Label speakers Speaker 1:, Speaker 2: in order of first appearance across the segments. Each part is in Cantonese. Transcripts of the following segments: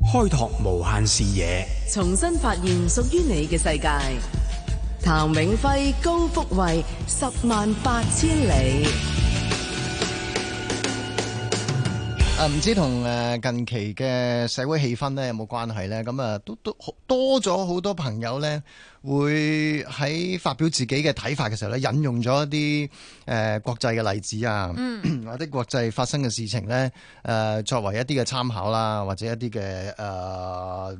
Speaker 1: 開拓無限視野，重新發現屬於你嘅世界。譚永輝、高福慧，十萬八千里。
Speaker 2: 唔知同誒近期嘅社會氣氛咧有冇關係咧？咁啊，都都多咗好多朋友咧，會喺發表自己嘅睇法嘅時候咧，引用咗一啲誒國際嘅例子啊，嗯、或者國際發生嘅事情咧，誒作為一啲嘅參考啦，或者一啲嘅誒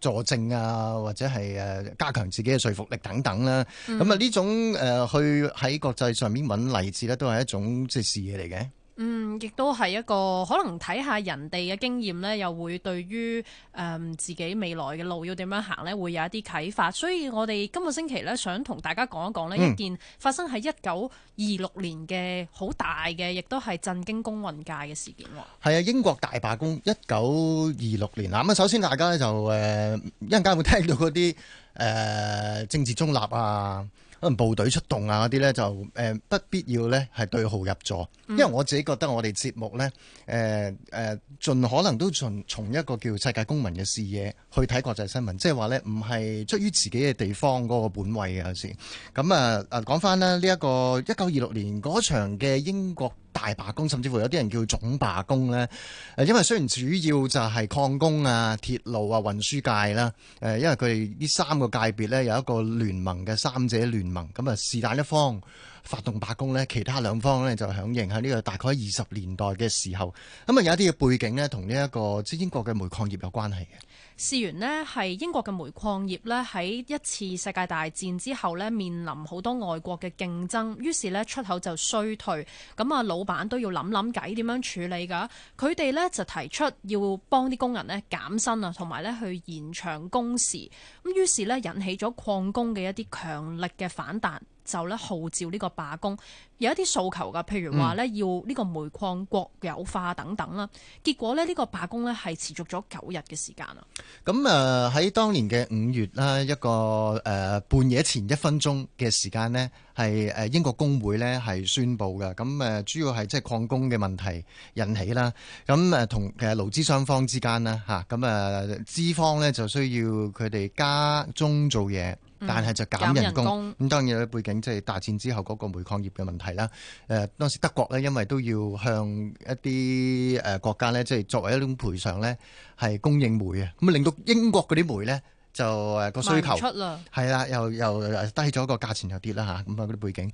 Speaker 2: 佐證啊，或者係誒加強自己嘅說服力等等啦。咁啊、嗯，呢種誒去喺國際上面搵例子咧，都係一種即係視野嚟嘅。
Speaker 1: 嗯，亦都係一個可能睇下人哋嘅經驗呢，又會對於誒、嗯、自己未來嘅路要點樣行呢？會有一啲啟發。所以我哋今個星期呢，想同大家講一講呢一件發生喺一九二六年嘅好大嘅，嗯、亦都係震驚工運界嘅事件。
Speaker 2: 係啊，英國大罷工，一九二六年啊。咁首先大家呢就誒一陣間會聽到嗰啲誒政治中立啊。可能部隊出動啊嗰啲咧，就誒不必要咧係對號入座，因為我自己覺得我哋節目咧誒誒盡可能都從從一個叫世界公民嘅視野去睇國際新聞，即係話咧唔係出於自己嘅地方嗰個本位嘅有陣時。咁啊啊講翻咧呢一個一九二六年嗰場嘅英國大罷工，甚至乎有啲人叫總罷工咧。因為雖然主要就係礦工啊、鐵路啊、運輸界啦，誒，因為佢哋呢三個界別咧有一個聯盟嘅三者聯盟，咁啊是但一方，發動罷工呢，其他兩方呢就響應。喺呢個大概二十年代嘅時候，咁啊有一啲嘅背景呢、這個，同呢一個即英國嘅煤礦業有關係嘅。
Speaker 1: 事緣呢係英國嘅煤礦業呢，喺一次世界大戰之後呢，面臨好多外國嘅競爭，於是呢出口就衰退，咁啊老闆都要諗諗計點樣處理㗎。佢哋呢就提出要幫啲工人呢減薪啊，同埋呢去延長工時，咁於是呢引起咗礦工嘅一啲強力嘅反彈。就咧號召呢個罷工，有一啲訴求㗎，譬如話咧要呢個煤礦國有化等等啦。嗯、結果咧呢個罷工咧係持續咗九日嘅時間啊。
Speaker 2: 咁誒喺當年嘅五月啦，一個誒半夜前一分鐘嘅時間呢，係誒英國工會咧係宣佈嘅。咁誒主要係即係礦工嘅問題引起啦。咁誒同其實勞資雙方之間啦嚇，咁誒資方咧就需要佢哋加鐘做嘢。但係就減人工，咁、嗯、當然有啲背景即係大戰之後嗰個煤礦業嘅問題啦。誒、呃、當時德國咧，因為都要向一啲誒國家咧，即、就、係、是、作為一種賠償咧，係供應煤啊，咁令到英國嗰啲煤咧就誒個、呃、需求出，係啦，又又低咗個價錢又跌啦嚇。咁啊啲、那個、背景，誒、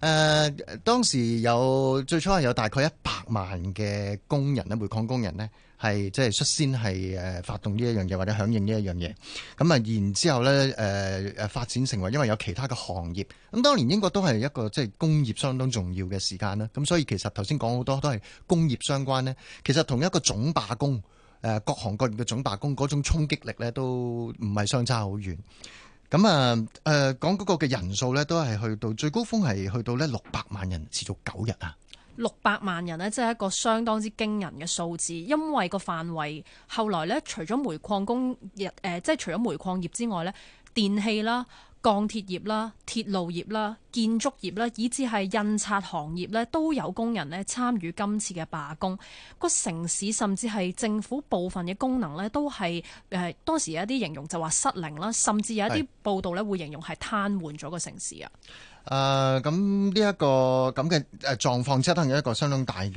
Speaker 2: 呃、當時有最初係有大概一百萬嘅工人咧，煤礦工人咧。係即係率先係誒發動呢一樣嘢或者響應呢一樣嘢，咁啊然之後咧誒誒發展成為，因為有其他嘅行業。咁當年英國都係一個即係工業相當重要嘅時間啦。咁所以其實頭先講好多都係工業相關咧，其實同一個總罷工誒各行各業嘅總罷工嗰種衝擊力咧都唔係相差好遠。咁啊誒講嗰個嘅人數咧都係去到最高峰係去到咧六百萬人持續九日啊！
Speaker 1: 六百萬人呢，即係一個相當之驚人嘅數字，因為個範圍後來呢，除咗煤礦工日誒，即係除咗煤礦業之外呢，電器啦、鋼鐵業啦、鐵路業啦、建築業啦，以至係印刷行業呢，都有工人呢參與今次嘅罷工。個城市甚至係政府部分嘅功能呢，都係誒當時有一啲形容就話失靈啦，甚至有一啲報道呢會形容係癱瘓咗個城市啊。
Speaker 2: 啊，咁呢一個咁嘅誒狀況，即係當一個相當大嘅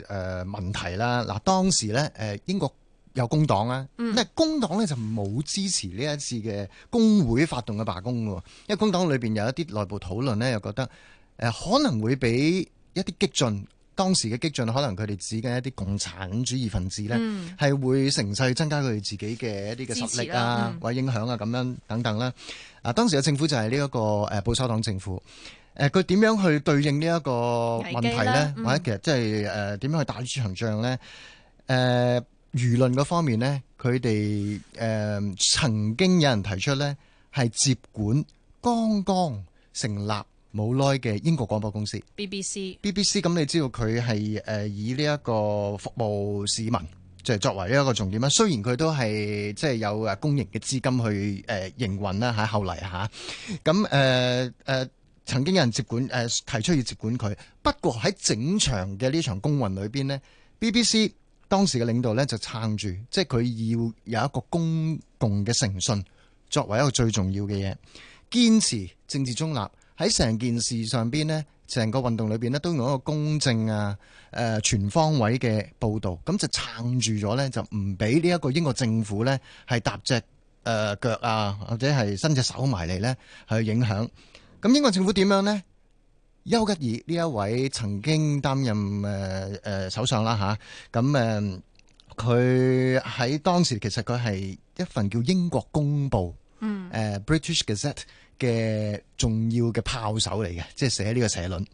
Speaker 2: 誒、呃、問題啦。嗱，當時咧、呃，英國有工黨啦，嗯、但係工黨咧就冇支持呢一次嘅工會發動嘅罷工喎，因為工黨裏面有一啲內部討論咧，又覺得、呃、可能會俾一啲激進。當時嘅激進，可能佢哋指嘅一啲共產主義分子咧，係、嗯、會成勢增加佢哋自己嘅一啲嘅實力啊，嗯、或者影響啊，咁樣等等啦。啊，當時嘅政府就係呢一個誒、呃、保守黨政府。誒、呃，佢點樣去對應呢一個問題咧？嗯、或者其實即係誒點樣去打場仗呢支仗咧？誒、呃，輿論嗰方面咧，佢哋誒曾經有人提出咧，係接管剛剛成立冇耐嘅英國廣播公司 BBC，BBC 咁 BBC, 你知道佢係以呢一個服務市民，即係作為一個重點啦。雖然佢都係即係有公營嘅資金去誒營運啦嚇，後嚟咁、啊呃、曾經有人接管誒、呃、提出要接管佢，不過喺整場嘅呢場公運裏邊呢 BBC 當時嘅領導咧就撐住，即係佢要有一個公共嘅誠信作為一個最重要嘅嘢，堅持政治中立。喺成件事上邊呢，成個運動裏邊呢，都用一個公正啊，誒、呃、全方位嘅報道，咁就撐住咗呢，就唔俾呢一個英國政府呢係搭隻誒腳啊，或者係伸隻手埋嚟呢去影響。咁英國政府點樣呢？丘吉爾呢一位曾經擔任誒誒、呃呃、首相啦吓，咁誒佢喺當時其實佢係一份叫《英國公報》。嗯，誒《uh, British Gazette》嘅重要嘅炮手嚟嘅，就是這個，即係寫呢個社論。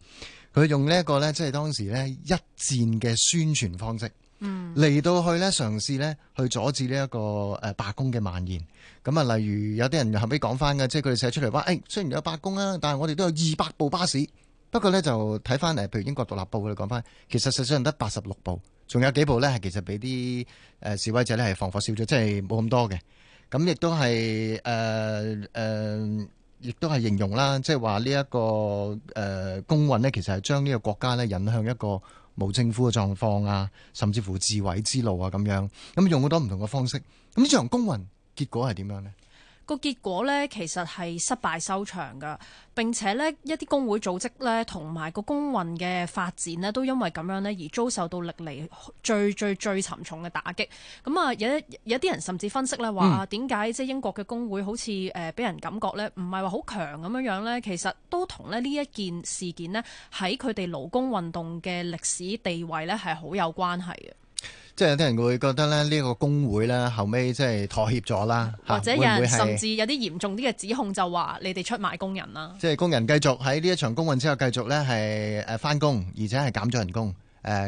Speaker 2: 佢用呢一個咧，即係當時咧一戰嘅宣傳方式，嚟、uh, 到去咧嘗試咧去阻止呢一個誒罷工嘅蔓延。咁啊，例如有啲人後尾講翻嘅，即係佢哋寫出嚟話，誒雖然有罷工啊，但係我哋都有二百部巴士。不過咧就睇翻嚟，譬如英國獨立報佢哋講翻，其實實際上得八十六部，仲有幾部咧係其實俾啲誒示威者咧係放火燒咗，即係冇咁多嘅。咁亦都係誒誒，亦、呃呃、都係形容啦，即係話呢一個誒、呃、公運呢，其實係將呢個國家呢引向一個冇政府嘅狀況啊，甚至乎自毀之路啊咁樣。咁用好多唔同嘅方式，咁呢場公運結果係點樣呢？
Speaker 1: 個結果呢，其實係失敗收場噶。並且呢，一啲工會組織呢，同埋個工運嘅發展呢，都因為咁樣呢，而遭受到歷來最最最沉重嘅打擊。咁啊，有有啲人甚至分析呢話，點解即係英國嘅工會好似誒俾人感覺呢唔係話好強咁樣樣呢？其實都同呢呢一件事件呢，喺佢哋勞工運動嘅歷史地位呢，係好有關係嘅。
Speaker 2: 即係有啲人會覺得咧，呢個工會咧後尾即係妥協咗啦，或者有甚至
Speaker 1: 有啲嚴重啲嘅指控，就話你哋出賣工人啦。
Speaker 2: 即係工人繼續喺呢一場工運之後繼續咧係返工，而且係減咗人工，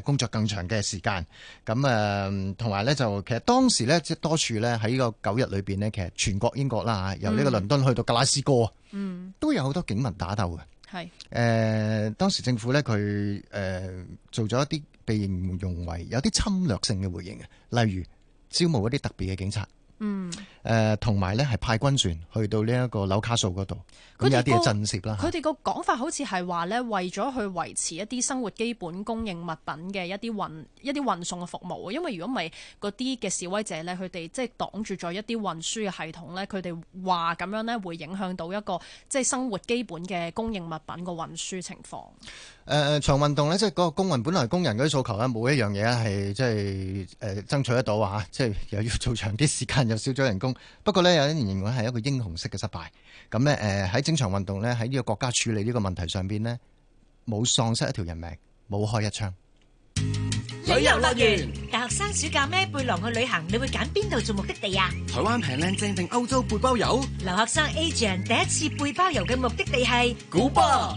Speaker 2: 工作更長嘅時間。咁同埋咧就其實當時咧即多處咧喺呢個九日裏面呢，其實全國英國啦由呢個倫敦去到格拉斯哥，嗯，都有好多警民打鬥嘅。係是、呃、當時政府咧佢、呃、做咗一啲。被形容為有啲侵略性嘅回應嘅，例如招募一啲特別嘅警察。嗯。誒同埋呢，係派軍船去到呢一個紐卡素嗰度，有啲震懾啦。佢哋
Speaker 1: 個講法好似係話呢，為咗去維持一啲生活基本供應物品嘅一啲運一啲運送嘅服務。因為如果唔係嗰啲嘅示威者呢，佢哋即係擋住咗一啲運輸嘅系統呢，佢哋話咁樣呢，會影響到一個即係、就是、生活基本嘅供應物品個運輸情況。
Speaker 2: 誒長、呃、運動呢，即係嗰個工運，本來工人嗰啲訴求呢，冇一樣嘢係即係誒爭取得到啊！即、就、係、是、又要做長啲時間，又少咗人工。不過咧，有啲人認為係一個英雄式嘅失敗。咁咧，誒喺正常運動咧，喺呢個國家處理呢個問題上邊咧，冇喪失一條人命，冇開一槍。旅遊樂園，
Speaker 1: 大學生暑假孭背囊去旅行，你會揀邊度做目的地啊？台灣平靚正定歐洲背包遊。留學生 agent 第一次背包遊嘅目的地係古巴。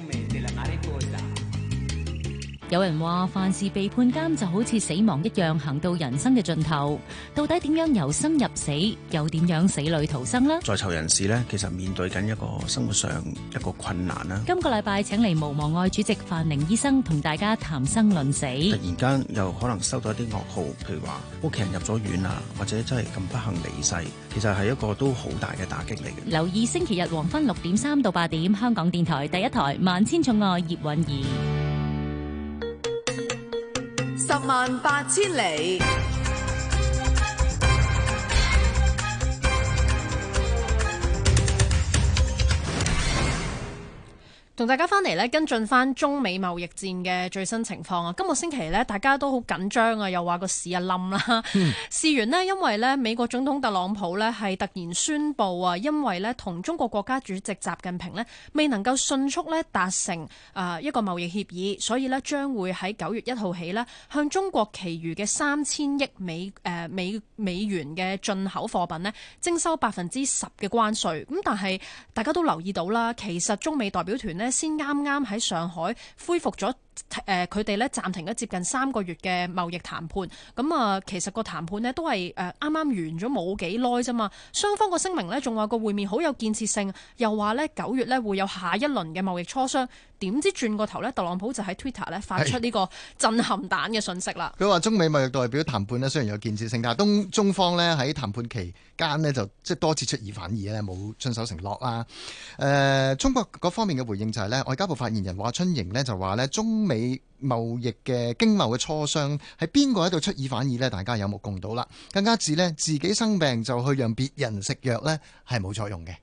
Speaker 1: 有人話，凡事被判監就好似死亡一樣，行到人生嘅盡頭，到底點樣由生入死，又點樣死裏逃生呢？
Speaker 2: 在囚人士呢，其實面對緊一個生活上一個困難啦。今
Speaker 1: 個禮拜請嚟無妄會主席范寧醫生同大家談生論死。突
Speaker 2: 然間又可能收到一啲噩耗，譬如話屋企人入咗院啊，或者真係咁不幸離世，其實係一個都好大嘅打擊嚟嘅。
Speaker 1: 留意星期日黃昏六點三到八點，香港電台第一台《萬千寵愛葉韻儀》。十萬八千里。同大家翻嚟咧，跟進翻中美貿易戰嘅最新情況啊！今個星期咧，大家都好緊張啊，又話個市一冧啦。嗯、事源咧，因為咧美國總統特朗普咧係突然宣佈啊，因為咧同中國國家主席習近平咧未能夠迅速咧達成啊一個貿易協議，所以咧將會喺九月一號起咧向中國其餘嘅三千億美誒、呃、美美元嘅進口貨品咧徵收百分之十嘅關稅。咁但係大家都留意到啦，其實中美代表團咧。先啱啱喺上海恢復咗。誒佢哋咧暫停咗接近三個月嘅貿易談判，咁啊，其實個談判咧都係誒啱啱完咗冇幾耐啫嘛，雙方個聲明咧仲話個會面好有建設性，又話咧九月咧會有下一輪嘅貿易磋商，點知轉個頭咧，特朗普就喺 Twitter 咧發出呢個震撼彈嘅信息啦。
Speaker 2: 佢話中美貿易代表談判咧雖然有建設性，但係東中方咧喺談判期間咧就即係多次出爾反爾咧，冇遵守承諾啦。誒、呃、中國嗰方面嘅回應就係咧外交部發言人華春瑩咧就話咧中。中美貿易嘅經貿嘅磋商喺邊個喺度出爾反爾呢？大家有目共睹啦。更加之呢，自己生病就去讓別人食藥呢，係冇作用嘅。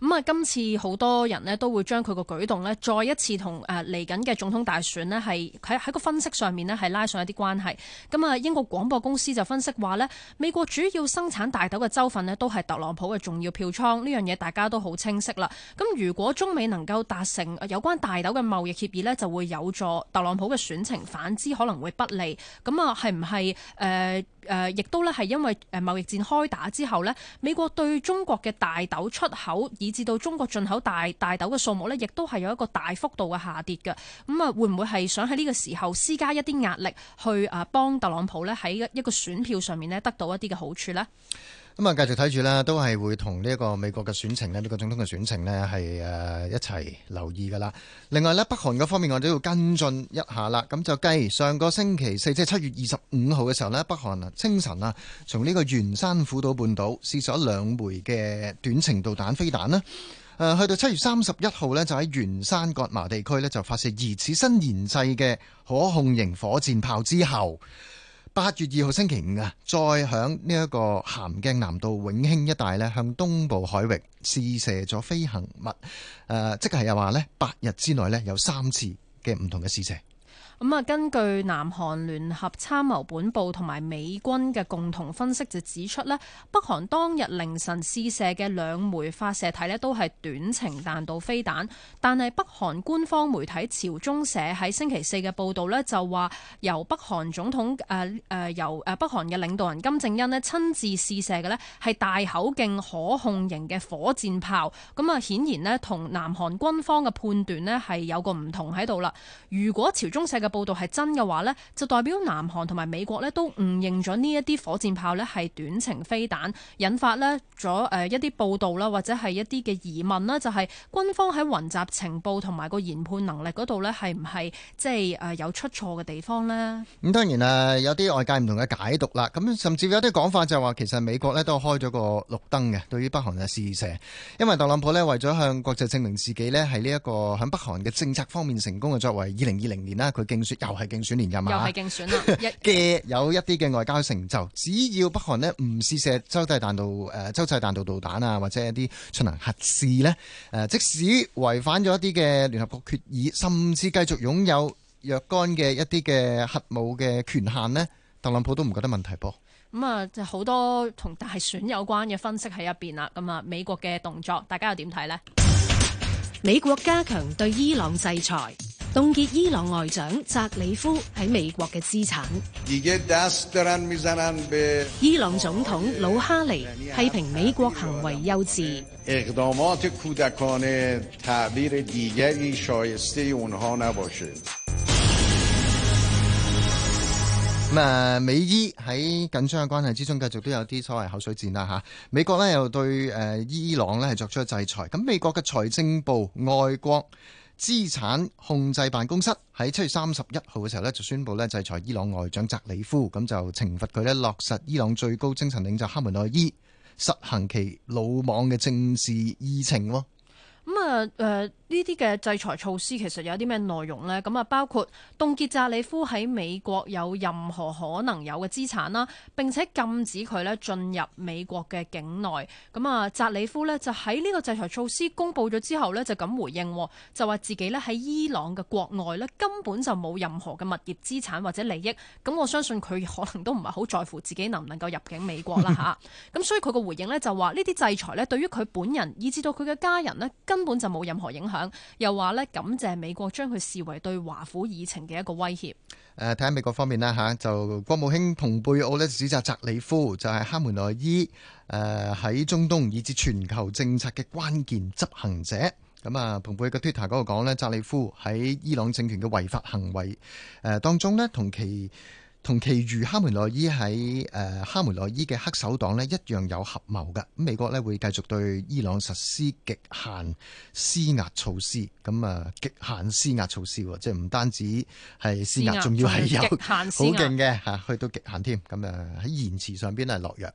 Speaker 1: 咁啊，今次好多人呢都會將佢個舉動呢再一次同誒嚟緊嘅總統大選呢係喺喺個分析上面呢係拉上一啲關係。咁啊，英國廣播公司就分析話呢，美國主要生產大豆嘅州份呢都係特朗普嘅重要票倉，呢樣嘢大家都好清晰啦。咁如果中美能夠達成有關大豆嘅貿易協議呢，就會有助特朗普嘅選情；反之可能會不利。咁啊，係唔係誒？誒，亦都咧，係因為誒貿易戰開打之後咧，美國對中國嘅大豆出口，以至到中國進口大大豆嘅數目咧，亦都係有一個大幅度嘅下跌嘅。咁啊，會唔會係想喺呢個時候施加一啲壓力，去啊幫特朗普咧喺一個選票上面咧得到一啲嘅好處呢？
Speaker 2: 咁啊，繼續睇住啦，都係會同呢個美國嘅選情呢，呢個總統嘅選情呢係誒一齊留意噶啦。另外呢，北韓嗰方面我都要跟進一下啦。咁就繼上個星期四，即係七月二十五號嘅時候呢，北韓啊清晨啊，從呢個元山虎島半島試咗兩枚嘅短程度彈飛彈啦。誒，去到七月三十一號呢，就喺元山葛麻地區呢，就發射疑似新研製嘅可控型火箭炮之後，八月二號星期五啊，再響呢一個咸鏡南道永興一帶咧，向東部海域試射咗飛行物，誒、呃，即係又話咧，八日之內咧有三次嘅唔同嘅試射。
Speaker 1: 咁啊，根據南韓聯合參謀本部同埋美軍嘅共同分析就指出咧，北韓當日凌晨試射嘅兩枚發射體咧都係短程彈道飛彈，但係北韓官方媒體朝中社喺星期四嘅報道咧就話，由北韓總統誒誒、呃呃呃、由誒北韓嘅領導人金正恩咧親自試射嘅咧係大口徑可控型嘅火箭炮，咁啊顯然呢同南韓軍方嘅判斷咧係有個唔同喺度啦。如果朝中社嘅報道係真嘅話呢，就代表南韓同埋美國呢都誤認咗呢一啲火箭炮呢係短程飛彈，引發呢咗誒一啲報道啦，或者係一啲嘅疑問啦，就係、是、軍方喺雲集情報同埋個研判能力嗰度呢，係唔係即係誒有出錯嘅地方呢？
Speaker 2: 咁當然誒有啲外界唔同嘅解讀啦，咁甚至有啲講法就係話，其實美國呢都開咗個綠燈嘅，對於北韓嘅試射，因為特朗普呢，為咗向國際證明自己呢，喺呢一個喺北韓嘅政策方面成功嘅作為二零二零年啦佢。又係競選連任，嘛，又係競選啦。嘅 有一啲嘅外交成就，只要北韓咧唔試射洲際彈道誒洲際彈道導彈啊，或者一啲進行核試咧，誒即使違反咗一啲嘅聯合國決議，甚至繼續擁有若干嘅一啲嘅核武嘅權限咧，特朗普都唔覺得問題噃。
Speaker 1: 咁啊，好多同大選有關嘅分析喺入邊啦。咁啊，美國嘅動作，大家又點睇呢？美國加強對伊朗制裁。凍結伊朗外長扎里夫喺美國嘅資產。伊朗總統魯哈尼批評美國行為幼稚。
Speaker 2: 咁誒，美伊喺緊張嘅關係之中，繼續都有啲所謂口水戰啦吓。美國咧又對誒伊朗咧係作出制裁。咁美國嘅財政部外國。資產控制辦公室喺七月三十一號嘅時候呢，就宣布咧制裁伊朗外長扎里夫，咁就懲罰佢呢落實伊朗最高精神領袖哈梅內伊，實行其魯莽嘅政治議程喎。
Speaker 1: 咁啊，誒，呢啲嘅制裁措施其實有啲咩內容咧？咁啊，包括凍結扎里夫喺美國有任何可能有嘅資產啦，並且禁止佢咧進入美國嘅境內。咁啊，扎里夫咧就喺呢個制裁措施公布咗之後咧，就咁回應，就話自己咧喺伊朗嘅國外咧根本就冇任何嘅物業資產或者利益。咁我相信佢可能都唔係好在乎自己能唔能夠入境美國啦吓。咁 所以佢個回應咧就話呢啲制裁咧對於佢本人以至到佢嘅家人咧根本就冇任何影響，又話咧感謝美國將佢視為對華府議程嘅一個威脅。
Speaker 2: 誒，睇下美國方面啦嚇，就國務卿蓬佩奧咧指責扎里夫就係、是、哈梅內伊誒喺中東以至全球政策嘅關鍵執行者。咁啊，蓬佩奧 Twitter 嗰度講呢，扎里夫喺伊朗政權嘅違法行為誒當中呢，同其同其餘哈梅內伊喺哈梅內伊嘅黑手黨呢一樣有合謀㗎。美國呢會繼續對伊朗實施極限施壓措施。咁啊，極限施壓措施，即唔單止係施壓，仲壓要係有限施。好勁嘅去到極限添。咁啊喺言辭上邊落藥。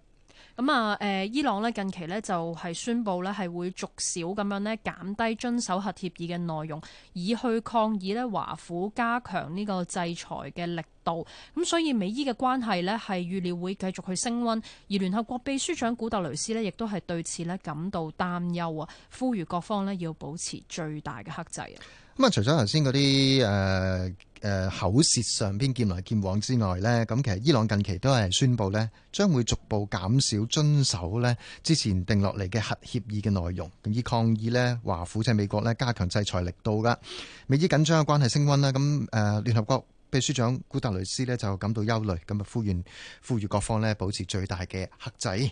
Speaker 1: 咁啊，誒，伊朗咧近期咧就係宣佈咧係會逐少咁樣咧減低遵守核協議嘅內容，以去抗議咧華府加強呢個制裁嘅力度。咁所以美伊嘅關係咧係預料會繼續去升温，而聯合國秘書長古特雷斯咧亦都係對此咧感到擔憂啊，呼籲各方咧要保持最大嘅克制
Speaker 2: 啊。咁啊，除咗頭先嗰啲誒。誒、呃、口舌上邊劍來劍往之外呢，咁其實伊朗近期都係宣布咧，將會逐步減少遵守咧之前定落嚟嘅核協議嘅內容，以抗議咧華府即美國咧加強制裁力度噶。美伊緊張嘅關係升温啦，咁誒聯合國秘書長古特雷斯咧就感到憂慮，咁啊呼籲呼籲各方咧保持最大嘅克制。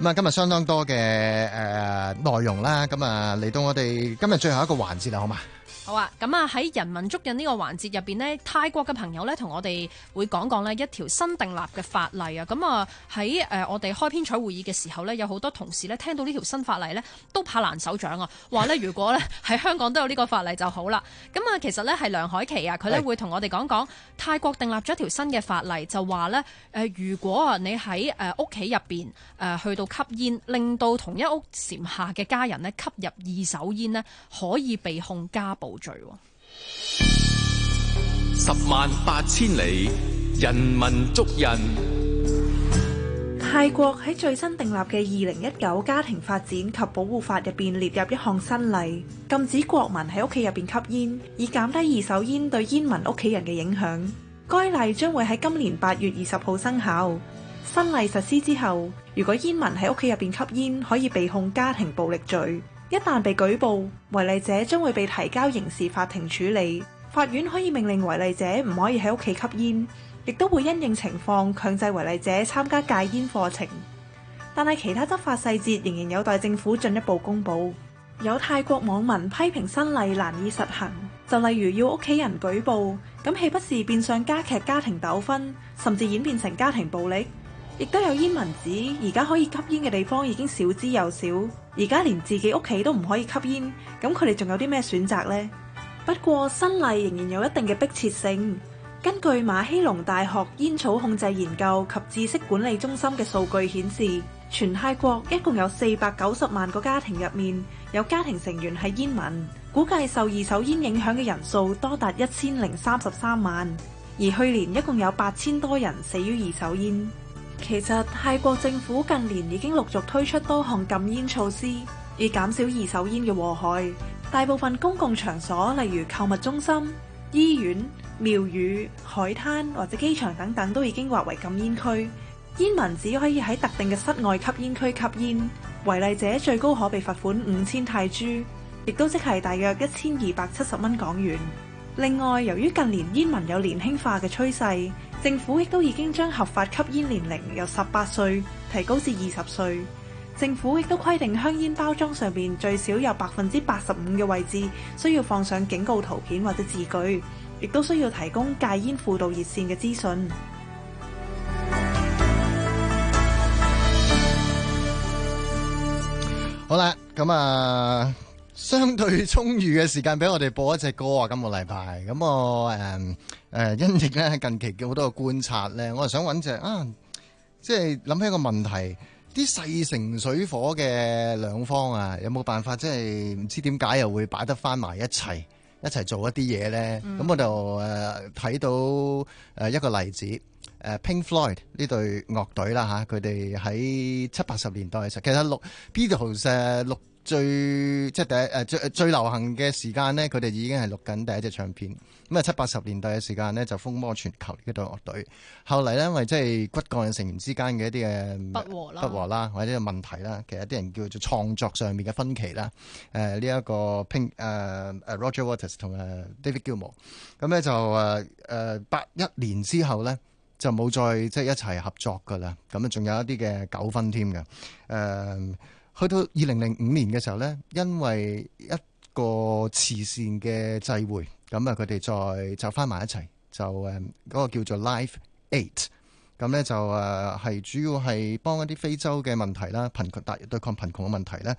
Speaker 2: 今日相當多嘅誒、呃、內容啦，咁啊，嚟到我哋今日最後一個環節啦，好嘛？
Speaker 1: 好啊，咁啊喺人文足印呢個環節入邊咧，泰國嘅朋友咧同我哋會講講咧一條新訂立嘅法例啊，咁啊喺誒我哋開編採會議嘅時候咧，有好多同事咧聽到呢條新法例咧都拍爛手掌啊，話咧如果咧喺香港都有呢個法例就好啦。咁啊其實咧係梁凱琪啊，佢咧會同我哋講講泰國訂立咗一條新嘅法例，就話咧誒如果啊你喺誒屋企入邊誒去到吸煙，令到同一屋檐下嘅家人咧吸入二手煙咧，可以被控家暴。罪。
Speaker 2: 十萬八千里，人文足印。
Speaker 3: 泰國喺最新訂立嘅二零一九家庭發展及保護法入邊列入一項新例，禁止國民喺屋企入邊吸煙，以減低二手煙對煙民屋企人嘅影響。該例將會喺今年八月二十號生效。新例實施之後，如果煙民喺屋企入邊吸煙，可以被控家庭暴力罪。一旦被舉報，違例者將會被提交刑事法庭處理。法院可以命令違例者唔可以喺屋企吸煙，亦都會因應情況強制違例者參加戒煙課程。但係其他執法細節仍然有待政府進一步公佈。有泰國網民批評新例難以實行，就例如要屋企人舉報，咁豈不是變相加劇家庭糾紛，甚至演變成家庭暴力？亦都有煙民指而家可以吸煙嘅地方已經少之又少。而家連自己屋企都唔可以吸煙，咁佢哋仲有啲咩選擇呢？不過新例仍然有一定嘅迫切性。根據馬希隆大學煙草控制研究及知識管理中心嘅數據顯示，全泰國一共有四百九十萬個家庭入面有家庭成員係煙民，估計受二手煙影響嘅人數多達一千零三十三萬。而去年一共有八千多人死於二手煙。其實泰國政府近年已經陸續推出多項禁煙措施，以減少二手煙嘅禍害。大部分公共場所，例如購物中心、醫院、廟宇、海灘或者機場等等，都已經劃為禁煙區。煙民只可以喺特定嘅室外吸煙區吸煙，違例者最高可被罰款五千泰銖，亦都即係大約一千二百七十蚊港元。另外，由於近年煙民有年輕化嘅趨勢，政府亦都已經將合法吸煙年齡由十八歲提高至二十歲。政府亦都規定香煙包裝上邊最少有百分之八十五嘅位置需要放上警告圖片或者字句，亦都需要提供戒煙輔導熱線嘅資訊。
Speaker 2: 好啦，咁啊。相對充裕嘅時間俾我哋播一隻歌啊！今個禮拜咁我誒誒、嗯嗯，因應咧近期好多嘅觀察咧，我就想揾隻啊，即係諗起一個問題，啲勢成水火嘅兩方啊，有冇辦法即係唔知點解又會擺得翻埋一齊，一齊做一啲嘢咧？咁、嗯、我就誒睇、呃、到誒一個例子，誒、呃、Pink Floyd 呢隊樂隊啦嚇，佢哋喺七八十年代嘅時候，其實六 Beatles 六。最即係第誒最最流行嘅時間咧，佢哋已經係錄緊第一隻唱片。咁啊，七八十年代嘅時間咧，就風靡全球呢個樂隊。後嚟咧，因為即係骨幹嘅成員之間嘅一啲嘅不和啦，不和啦，或者問題啦，其實啲人叫做創作上面嘅分歧啦。誒呢一個拼誒、呃、Roger Waters 同誒 David Gilmour 咁咧就誒誒、呃、八一年之後咧，就冇再即係一齊合作噶啦。咁啊，仲有一啲嘅糾紛添嘅誒。呃去到二零零五年嘅時候呢，因為一個慈善嘅聚會，咁啊佢哋再集翻埋一齊，就誒嗰、那個叫做 Live 8，咁呢就誒係主要係幫一啲非洲嘅問題啦，貧窮，達對抗貧窮嘅問題呢，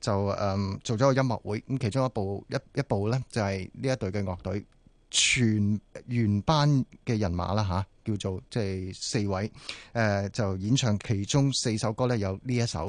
Speaker 2: 就誒、嗯、做咗個音樂會。咁其中一部一一部呢就係、是、呢一隊嘅樂隊全原班嘅人馬啦嚇、啊，叫做即係、就是、四位誒、呃、就演唱其中四首歌呢，有呢一首。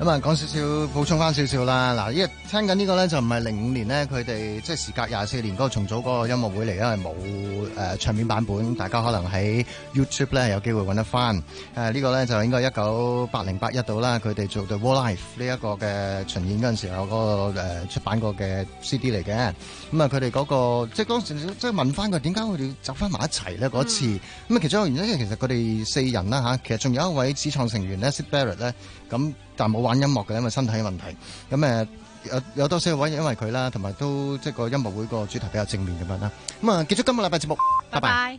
Speaker 2: 咁啊、嗯，講少少，補充翻少少啦。嗱，依聽緊呢個咧，就唔係零五年咧，佢哋即係時隔廿四年嗰個重組嗰個音樂會嚟因為冇誒唱片版本，大家可能喺 YouTube 咧有機會揾得翻。誒、啊這個、呢個咧就應該一九八零八一到啦，佢哋做 The Wall Life 呢一個嘅巡演嗰陣時候有個出版過嘅 CD 嚟嘅。咁、嗯、啊，佢哋嗰個即係當時即係問翻佢點解佢哋集翻埋一齊咧嗰次。咁啊、嗯，其中一個原因其實佢哋四人啦吓，其實仲有一位始創成員 Syd Barrett 咧咁。但冇玩音樂嘅咧，因為身體嘅問題。咁誒有有多些位因為佢啦，同埋都即係個音樂會個主題比較正面咁樣啦。咁啊，結束今個禮拜節目，拜拜。